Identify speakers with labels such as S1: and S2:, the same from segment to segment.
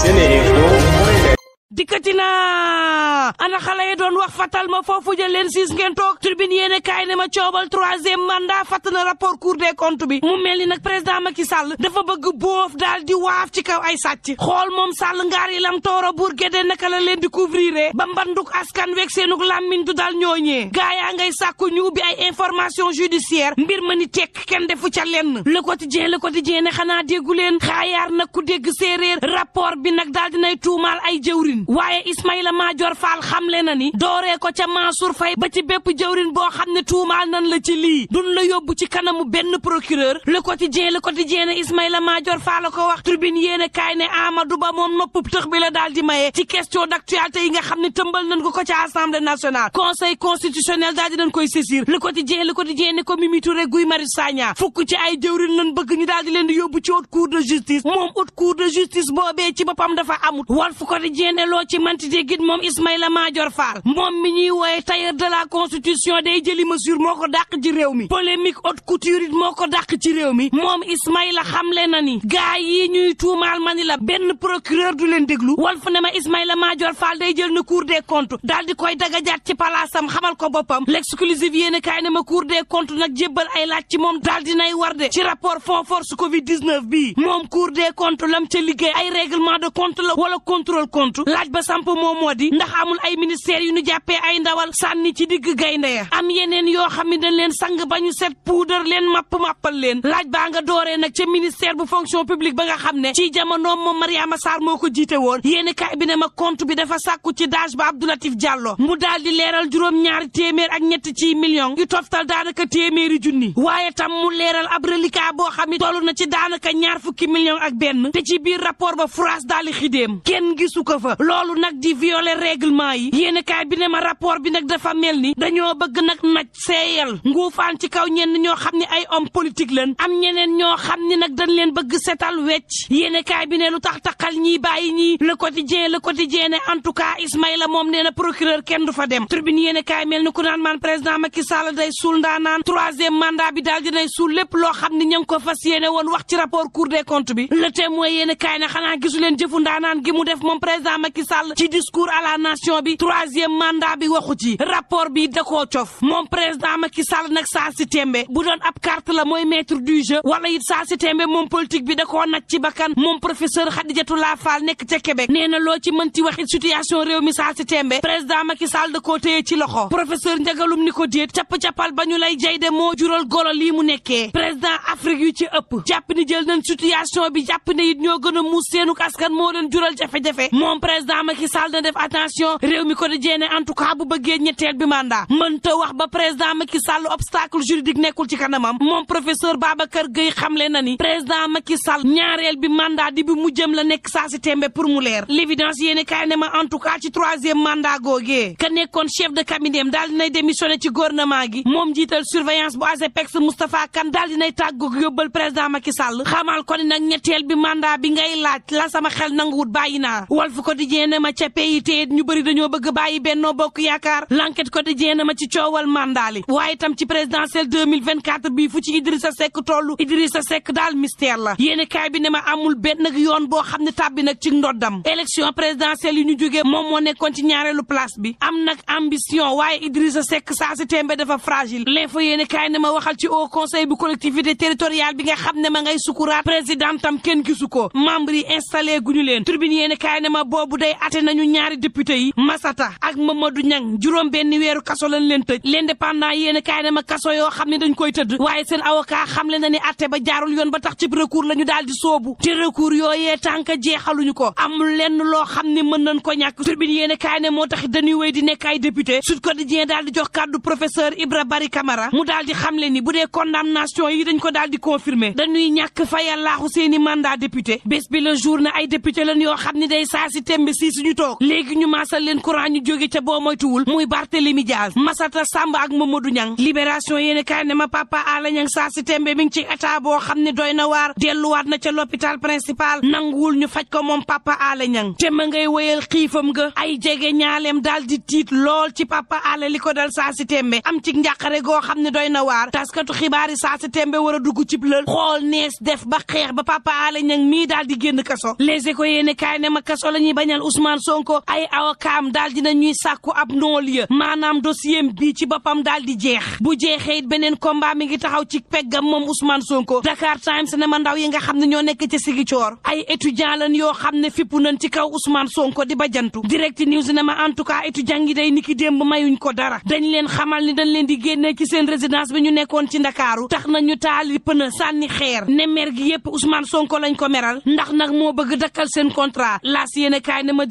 S1: Sene dikkati na ana xale yi doon wax fatal ma foofu jël leen siis ngeen toog tribune yéene kaay ne ma coobal troisième mandat fatt na rapport cour des comptes bi mu mel ni nag président ki Sall dafa bëgg boof daal di waaf ci kaw ay sàcc xool moom Sall ngaar yi lam tooro buur gédee naka la leen di couvrir ba mbanduk askan weeg seenuk làmmiñ du daal ñooñee gaayaa ngay sàkku ñu ubbi ay information judiciaire mbir ma ni tekk kenn defu ca lenn le quotidien le quotidien ne xanaa déggu leen xaayaar ku dégg séeréer rapport bi nag daal dinay tuumaal ay jëwrin jëwrin waaye Ismaïla Madior Fall xamle na ni dooree ko ca Mansour Faye ba ci bépp jëwrin boo xam ne tuumaal nan la ci lii duñ la yóbbu ci kanamu benn procureur le quotidien le quotidien ne Ismaïla Madior Fall la ko wax tribune yéene kaay ne Amadou Ba moom noppub tëx bi la daal di maye ci question d'actualité yi nga xam ne tëmbal nañ ko ko ca assemblée nationale conseil constitutionnel daal di nañ koy saisir le quotidien le quotidien ko Mimi Touré Guy Marius Sagna fukk ci ay jëwrin bëgg ñu daal di leen di yóbbu ci haute cour de justice moom haute cour de dafa amut Walf loo ci manti di git moom Ismaïla Madior Fall moom mi ñuy wooye tailleur de la constitution day jëli mesure moo ko dàq ci réew mi polémique haute couture it moo ko dàq ci réew mi moom Ismaïla xamle na ni gaay yi ñuy tuumaal ma ni la benn procureur du leen déglu Walf ne ma Ismaïla Madior Fall day jël na cour des comptes daal di koy dagajaat ci palaasam xamal ko boppam l'exclusive yéen kaay ne ma cour des comptes nag jébbal ay laaj moom daal di nay war de ci rapport fond force covid 19 moom cour des comptes lam liggéey ay règlement de compte la wala contrôle compte laaj ba samp moom moo di amul ay ministères yu nu jàppee ay ndawal sànni ci digg gaynde ya am yeneen yoo xam ne dañ leen sang ba ñu set puudar leen mapp mappal leen laaj baa nga dooree nag ca ministère bu fonction publique ba nga xam ne ci jamonoom moom Mariama Sarr moo ko jiite woon yéeni kaay bi ne ma compte bi dafa sàkku ci daaj ba Abdoulatif Diallo mu daal di leeral juróom-ñaari téeméer ak ñett ci million yu toftal daanaka téeméeri junni waaye tam mu leeral ab reliquat boo xam ne toll na ci daanaka ñaar fukki million ak benn te biir rapport ba France daal di xidéem kenn gisu ko fa loolu nag di violer règlement yi yéen kaay bi ne ma rapport bi nag dafa mel ni dañoo bëgg nag naj seeyal nguufaan ci kaw ñenn ñoo xam ni ay om politique lañ am ñeneen ñoo xam ni nag dañ leen bëgg setal wecc yéen kaay bi ne lu tax taxal ñiy bàyyi ñii le quotidien le quotidien ne en tout cas Ismaïla moom nee na procureur kenn du fa dem tribune yéen kaay mel ni ku naan maan président Macky Sall day suul ndaanaan troisième mandat bi daal dinay suul lépp loo xam ne ña ngi ko fas yéene woon wax ci rapport cour des comptes leen jëfu ndaanaan gi def moom président Macky Macky Sall ci discours à la bi troisième mandat bi waxu ci rapport bi da koo cof moom président Macky Sall nag saa si tembe bu doon ab carte la mooy maître du jeu wala it saa si tembe moom politique bi da koo nag ci bakkan moom professeur Khadijatou Lafal nekk ca Québec nee na loo ci mën ci waxit situation réew mi saa si tembe président Macky Sall da koo téye ci loxo professeur njagalum ni ko déet capp-cappal ba ñu lay jay dem moo jural golo lii mu nekkee président Afrique yu ci ëpp jàpp ni jël nañ situation bi jàpp ne it ñoo gën a muus seenu askan moo leen jural jafe président Macky Sall na def attention réew mi ko di jeene en tout cas bu bëggee ñetteel bi mandat mënta wax ba président Macky Sall obstacle juridique nekkul ci kanamam moom professeur Babacar Gueye xamle na ni président Macky Sall ñaareel bi mandat di bi mu jëm la nekk saa si tembe pour mu leer l'évidence yéene kaay ne ma en tout cas ci troisième mandat googee ka nekkoon chef de cabinet am daal dinay démissionné ci gouvernement gi moom jiital surveillance bu ASEPEX Moustapha Kane daal dinay tàggoog yóbbal président Macky Sall xamal ko ni nag ñetteel bi mandat bi ngay laaj la sama xel nanguwut bàyyi naa quotidien na ma ca PIT ñu bëri dañoo bëgg bàyyi Benno Bokk Yaakaar l'enquête quotidien na ma ci coowal mandaali waaye tam ci présidentielle 2024 bii fu ci Idrissa yoon boo xam ne tàbbi nag ci ndoddam élection présidentielle yi ñu jógee moom moo nekkoon ci ñaareelu place bi am nag ambition waaye Idrissa Seck saa si tembe dafa fragile l'info yéen kaay ne ma waxal ci au conseil bu collectivité territoriale bi nga xam ne ma ngay sukuraat présidentam kenn gisu ko membre yi installé guñu leen turbine yéen kaay ma boobu tey ate nañu ñaari député yi Massata ak Mamadou Niang juróom benn weeru kaso lañ leen tëj l'indépendant yéen kaay na ma kaso yoo xam ne dañ koy tëdd waaye seen avocat xamle na ni atte ba jaarul yoon ba tax ci ñu daal di soobu te recours yooyee tànk jeexaluñu ko amul lenn loo xam ne mën nañ ko ñàkk tribune yéen kaay moo tax dañuy wéy di nekk ay député Sud Quotidien daal di jox kàddu professeur Ibra Bari Camara mu daal di xamle ni bu dee condamnation yi dañ ko daal di confirmer dañuy ñàkk fayal laaxu seeni mandat député bés bi le jour na ay député lañ yoo xam ne day saa si temb Kébé Cissé ñu toog léegi ñu maasal leen courant ñu jóge ca boo moytuwul muy Barthélémy Diaz Massata Samba ak Mamadou Niang libération yéene kaay ne ma papa Ala Niang saa si tembe mi ngi ci état boo xam ne doy na waar delluwaat na ca l'hôpital principal nanguwul ñu faj ko moom papa Ala Niang te ma ngay wéyal xiifam ga ay jege ñaaleem daal di tiit lool ci papa Ala li ko dal saa si tembe am ci njàqare goo xam ne doy na waar taskatu xibaar yi saa si tembe war a dugg cib lël xool daal di génn colonel Ousmane Sonko ay awakaam daal dina ñuy sàkku ab non-lieu maanaam dossier bi ci boppam daal di jeex bu jeexee it beneen combat mi ngi taxaw ci peggam moom Ousmane Sonko Dakar Times ne ma ndaw yi nga xam ne ñoo nekk ci Sigicoor ay étudiant lan yoo xam ne fippu nañ ci kaw Ousmane Sonko di bajantu direct news ne ma en tout cas étudiant yi day niki démb mayuñ ko dara dañ leen xamal ni dañu leen di génne ci seen résidence bi ñu nekkoon ci Ndakaaru tax na nañu taali pëna sànni xeer ne mer gi yépp Ousmane Sonko lañ ko meral ndax nag moo bëgg dakkal seen contrat laas yéene ne ma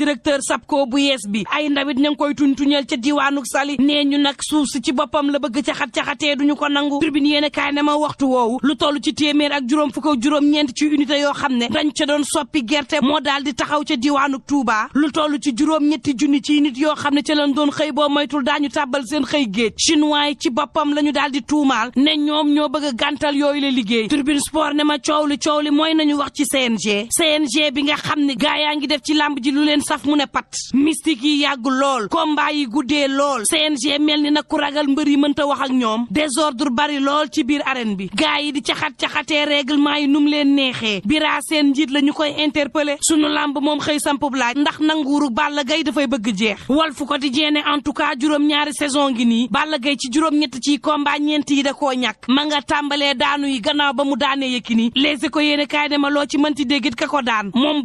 S1: sab ko bu yees bi ay ndawit ña ngi koy tuñtuñal ca diwaanu sali nee ñu nag suuf si ci boppam la bëgg ca ca caxatee duñu ko nangu tribune yéen kaay ne ma waxtu woowu lu toll ci téeméer ak juróom fukk ak juróom ñeent ci unité yoo xam ne dañ ca doon soppi gerte moo daal di taxaw ca diwaanu Touba lu toll ci juróom ñetti junni ci nit yoo xam ne ca lañ doon xëy boo moytul daañu tàbbal seen xëy géej chinois yi ci boppam la ñu daal di tuumaal ne ñoom ñoo bëgg gantal yooyu la liggéey tribune sport ne ma coow li coow li mooy nañu wax ci CNG CNG bi nga xam ne gaa yaa ngi def ci làmb ji leen saf mu ne pat mystique yi yàgg lool combat yi guddee lool CNG mel ni na ku ragal mbër yi mënta wax ak ñoom désordre bari lool ci biir arène bi gars yi di caxat-caxatee règlement yi num leen neexee bira seen njiit la ñu koy interpellé suñu làmb moom xëy sampub laaj ndax nanguuru Balla gay dafay bëgg jeex wal Walf Quotidien en tout cas juróom-ñaari saison gi nii Balla Gaye ci juróom-ñett ci combat ñeent yi da koo ñàkk ma nga tàmbalee daanu yi gannaaw ba mu daanee Yékini Les Échos yéene kaay ma loo ci mënti déggit ka ko daan moom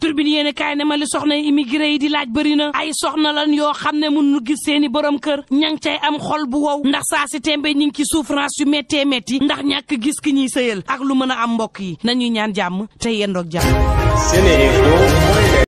S1: ko bi yéen kaay ne ma li soxna immigré yi di laaj bëri na ay soxna lan yoo xam ne mun nu gis seeni borom kër ña ngi cay am xol bu wow ndax saa si tembe ñi ngi ci souffrance yu méttee métti ndax ñàkk gis ki ñuy sëyal ak lu mën a am mbokk yi na nañuy ñaan jàmm te yendoog jàmm